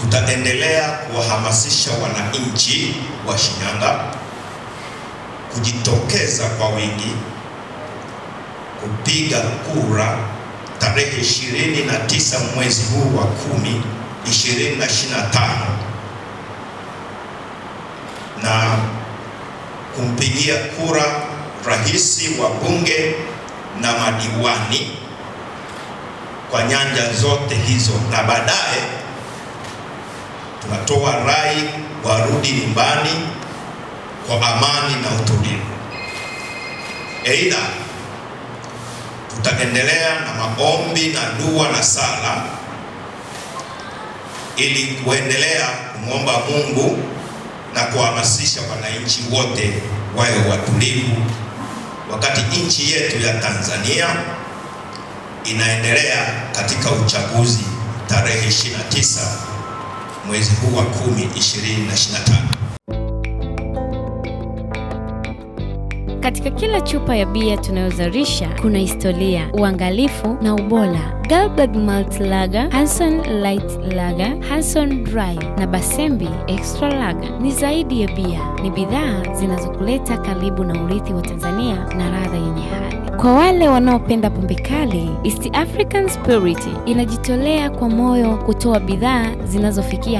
tutaendelea kuwahamasisha wananchi wa Shinyanga kujitokeza kwa wingi kupiga kura tarehe 29 mwezi huu wa 10 2025 na kumpigia kura rais wa bunge na madiwani kwa nyanja zote hizo na baadaye tunatoa rai warudi nyumbani kwa amani na utulivu. Aidha, tutaendelea na maombi na dua na sala ili kuendelea kumwomba Mungu na kuhamasisha wananchi wote wawe watulivu wakati nchi yetu ya Tanzania inaendelea katika uchaguzi tarehe 29 mwezi huu wa 10 2025. Katika kila chupa ya bia tunayozalisha kuna historia, uangalifu na ubora. Galbad Malt Lager, Hanson Light Lager, Hanson Dry na Basembi Extra Lager ni zaidi ya bia, ni bidhaa zinazokuleta karibu na urithi wa Tanzania na ladha yenye hadhi. Kwa wale wanaopenda pombe kali, East African Spirit inajitolea kwa moyo kutoa bidhaa zinazofikia